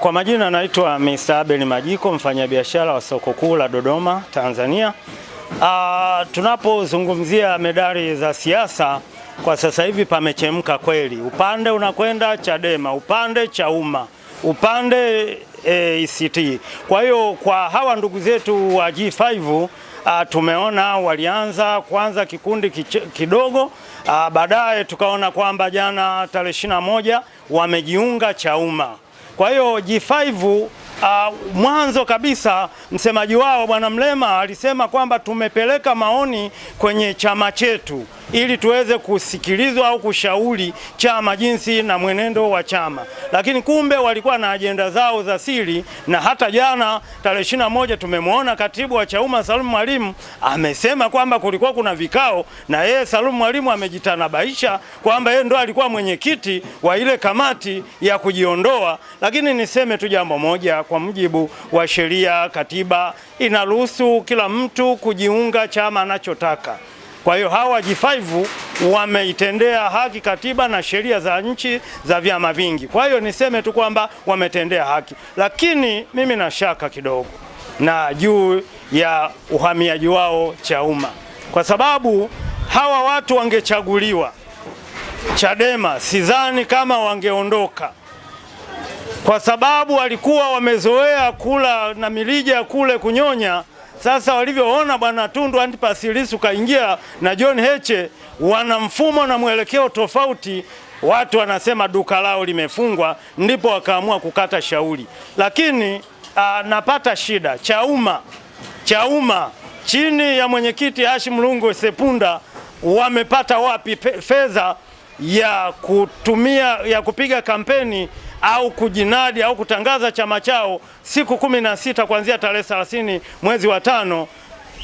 Kwa majina naitwa Mr. Abel Majiko, mfanyabiashara wa soko kuu la Dodoma, Tanzania. Uh, tunapozungumzia medali za siasa kwa sasa hivi pamechemka kweli, upande unakwenda Chadema, upande Chauma, upande ACT. Eh, e, kwa hiyo kwa hawa ndugu zetu wa G5 a, ah, tumeona walianza kwanza kikundi kidogo, ah, baadaye tukaona kwamba jana tarehe moja wamejiunga Chauma kwa hiyo G5 Uh, mwanzo kabisa msemaji wao Bwana Mlema alisema kwamba tumepeleka maoni kwenye chama chetu ili tuweze kusikilizwa au kushauri chama jinsi na mwenendo wa chama, lakini kumbe walikuwa na ajenda zao za siri. Na hata jana tarehe ishirini na moja tumemwona katibu wa Chauma Salumu Mwalimu amesema kwamba kulikuwa kuna vikao, na yeye Salumu Mwalimu amejitanabaisha kwamba yeye ndo alikuwa mwenyekiti wa ile kamati ya kujiondoa. Lakini niseme tu jambo moja kwa mujibu wa sheria, katiba inaruhusu kila mtu kujiunga chama anachotaka. Kwa hiyo hawa G5 wameitendea haki katiba na sheria za nchi za vyama vingi. Kwa hiyo niseme tu kwamba wametendea haki, lakini mimi na shaka kidogo na juu ya uhamiaji wao umma kwa sababu hawa watu wangechaguliwa Chadema sidhani kama wangeondoka kwa sababu walikuwa wamezoea kula na milija kule kunyonya. Sasa walivyoona bwana Tundu Antipas Lissu kaingia na John Heche, wana mfumo na mwelekeo tofauti, watu wanasema duka lao limefungwa, ndipo wakaamua kukata shauri. Lakini aa, ah, napata shida Chauma, Chauma chini ya mwenyekiti Hashim Lungo Sepunda wamepata wapi fedha ya kutumia ya kupiga kampeni au kujinadi au kutangaza chama chao siku kumi na sita kuanzia tarehe 30 mwezi wa tano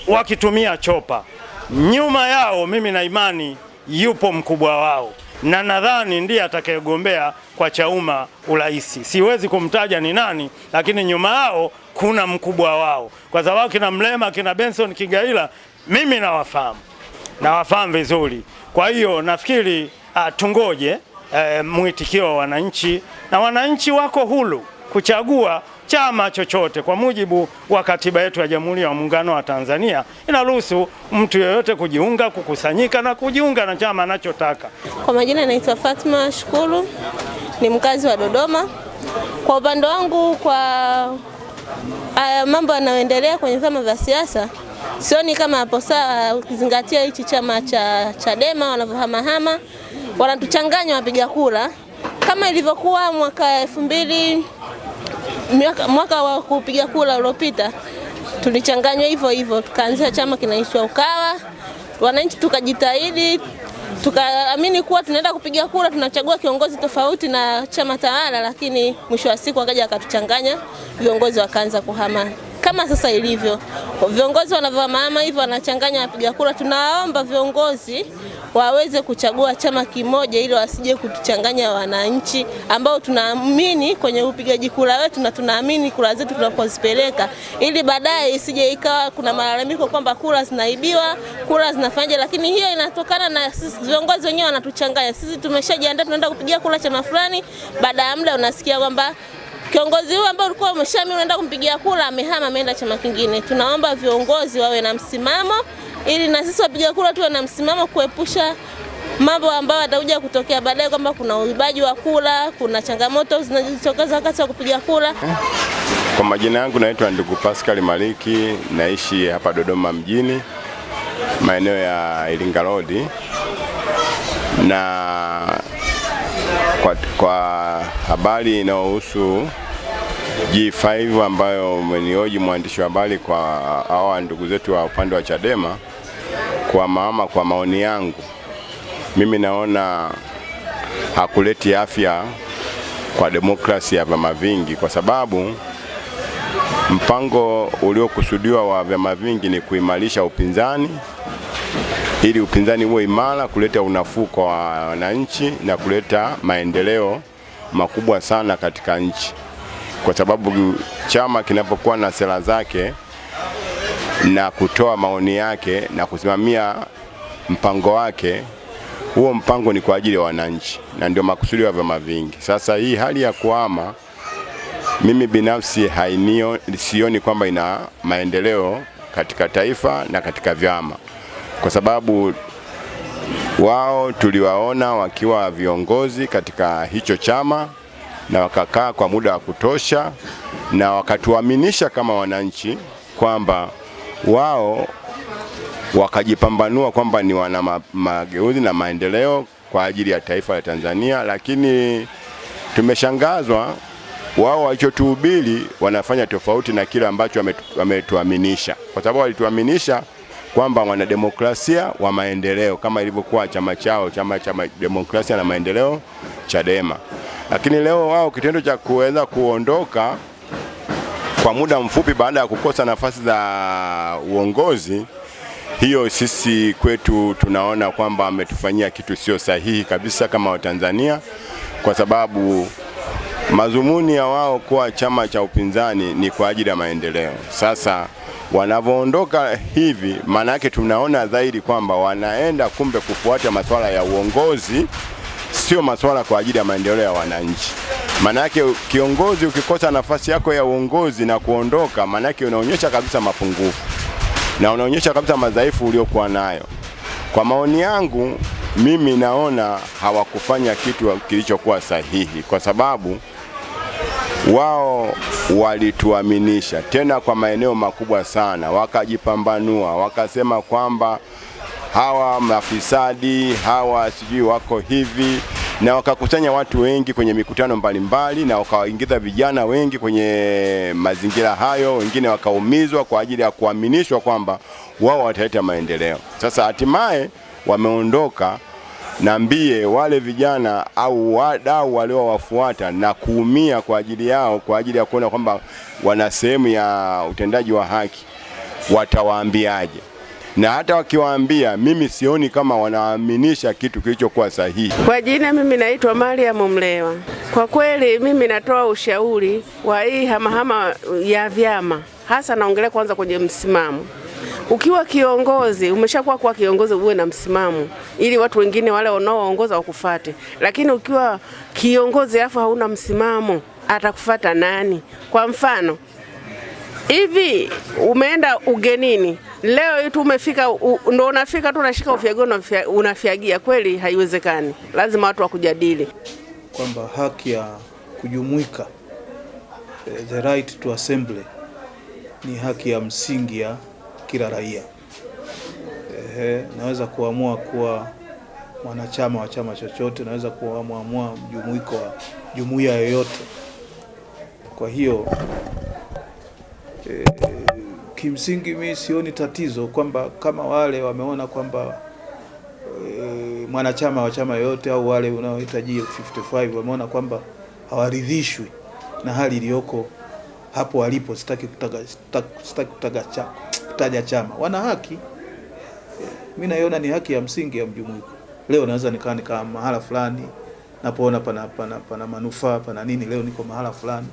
wakitumia chopa. Nyuma yao mimi na imani yupo mkubwa wao na nadhani ndiye atakayegombea kwa Chauma urais. Siwezi kumtaja ni nani, lakini nyuma yao kuna mkubwa wao, kwa sababu kina Mlema, kina Benson Kigaila mimi nawafahamu, nawafahamu vizuri. Kwa hiyo nafikiri ah, tungoje eh, mwitikio wa wananchi, na wananchi wako huru kuchagua chama chochote kwa mujibu wa katiba yetu ya Jamhuri ya Muungano wa Tanzania inaruhusu mtu yeyote kujiunga, kukusanyika na kujiunga na chama anachotaka. Kwa majina naitwa Fatma Shukuru, ni mkazi wa Dodoma. Kwa upande wangu, kwa uh, mambo yanayoendelea kwenye vyama vya siasa, sioni kama hapo sawa, ukizingatia hichi chama cha Chadema wanavyohamahama wanatuchanganya wapiga kura kama ilivyokuwa mwaka elfu mbili mwaka wa kupiga kura uliopita tulichanganywa hivyo hivyo, tukaanzisha chama kinaitwa Ukawa. Wananchi tukajitahidi, tukaamini kuwa tunaenda kupiga kura, tunachagua kiongozi tofauti na chama tawala, lakini mwisho wa siku akaja akatuchanganya, viongozi wakaanza kuhama kama sasa ilivyo viongozi wanavyohamahama hivyo, wanachanganya wapiga kura. Tunawaomba viongozi waweze kuchagua chama kimoja, ili wasije kutuchanganya wananchi ambao tunaamini kwenye upigaji kura wetu na tunaamini kura zetu tunapozipeleka, ili baadaye isije ikawa kuna malalamiko kwamba kura zinaibiwa, kura zinafanya, lakini hiyo inatokana na sisi viongozi wenyewe wanatuchanganya. Sisi tumeshajiandaa, tunaenda kupigia kura chama fulani, baada ya muda unasikia kwamba kiongozi huyu ambaye ulikuwa umeshaamini unaenda kumpigia kura amehama, ameenda chama kingine. Tunaomba viongozi wawe na msimamo ili na sisi wapiga kura tuwe na msimamo kuepusha mambo ambayo yatakuja kutokea baadaye, kwamba kuna uibaji wa kura, kuna changamoto zinazojitokeza wakati wa kupiga kura. Kwa majina yangu naitwa ndugu Pascal Maliki, naishi hapa Dodoma mjini maeneo ya Iringa Road, na kwa, kwa habari inayohusu G5 ambayo umenioji mwandishi wa habari kwa hawa ndugu zetu wa upande wa Chadema kwa mama, kwa maoni yangu mimi naona hakuleti afya kwa demokrasia ya vyama vingi, kwa sababu mpango uliokusudiwa wa vyama vingi ni kuimarisha upinzani ili upinzani uwe imara, kuleta unafuu kwa wananchi na kuleta maendeleo makubwa sana katika nchi, kwa sababu chama kinapokuwa na sera zake na kutoa maoni yake na kusimamia mpango wake. Huo mpango ni kwa ajili ya wananchi na ndio makusudi ya vyama vingi. Sasa hii hali ya kuhama, mimi binafsi hainio, sioni kwamba ina maendeleo katika taifa na katika vyama, kwa sababu wao tuliwaona wakiwa viongozi katika hicho chama na wakakaa kwa muda wa kutosha na wakatuaminisha kama wananchi kwamba wao wakajipambanua kwamba ni wana mageuzi na maendeleo kwa ajili ya taifa la Tanzania, lakini tumeshangazwa wao walichotuhubiri wanafanya tofauti na kile ambacho wametuaminisha, kwa sababu walituaminisha kwamba wanademokrasia wa maendeleo kama ilivyokuwa chama chao chama cha demokrasia na maendeleo CHADEMA, lakini leo wao kitendo cha kuweza kuondoka kwa muda mfupi baada ya kukosa nafasi za uongozi hiyo sisi kwetu tunaona kwamba ametufanyia kitu sio sahihi kabisa kama Watanzania, kwa sababu madhumuni ya wao kuwa chama cha upinzani ni kwa ajili ya maendeleo. Sasa wanavyoondoka hivi, maana yake tunaona dhahiri kwamba wanaenda kumbe kufuata masuala ya uongozi sio masuala kwa ajili ya maendeleo ya wananchi. Maana yake kiongozi ukikosa nafasi yako ya uongozi na kuondoka, maana yake unaonyesha kabisa mapungufu na unaonyesha kabisa madhaifu uliokuwa nayo. Kwa maoni yangu mimi naona hawakufanya kitu kilichokuwa sahihi, kwa sababu wao walituaminisha tena kwa maeneo makubwa sana, wakajipambanua wakasema kwamba hawa mafisadi hawa sijui wako hivi na wakakusanya watu wengi kwenye mikutano mbalimbali mbali, na wakaingiza vijana wengi kwenye mazingira hayo, wengine wakaumizwa kwa ajili ya kuaminishwa kwamba wao wataleta maendeleo. Sasa hatimaye wameondoka na mbie wale vijana au wadau waliowafuata na kuumia kwa ajili yao, kwa ajili ya kuona kwamba wana sehemu ya utendaji wa haki, watawaambiaje? na hata wakiwaambia, mimi sioni kama wanaaminisha kitu kilichokuwa sahihi. Kwa jina mimi naitwa Mariamu Mlewa. Kwa kweli mimi natoa ushauri wa hii hamahama ya vyama, hasa naongelea kwanza kwenye msimamo. Ukiwa kiongozi umeshakuwa kuwa kiongozi, uwe na msimamo ili watu wengine wale wanaoongoza wakufate. lakini ukiwa kiongozi afu hauna msimamo, atakufata nani? Kwa mfano hivi umeenda ugenini Leo hii umefika ndo unafika tu unashika ufyagio unafyagia, kweli haiwezekani. Lazima watu wakujadili kwamba haki ya kujumuika, eh, the right to assembly, ni haki ya msingi ya kila raia. Ehe, naweza kuamua kuwa mwanachama wa chama chochote, naweza kuamua mjumuiko wa jumuiya yoyote. Kwa hiyo eh, kimsingi mi sioni tatizo kwamba kama wale wameona kwamba e, mwanachama wa chama yoyote au wale unaohitaji 55 wameona kwamba hawaridhishwi na hali iliyoko hapo walipo. Sitaki kutaga, sitaki kutaga cha, kutaja chama, wana haki. Mi naiona ni haki ya msingi ya mjumuiko. Leo naweza nikaa nikaa mahala fulani napoona pana, pana, pana manufaa pana nini, leo niko mahala fulani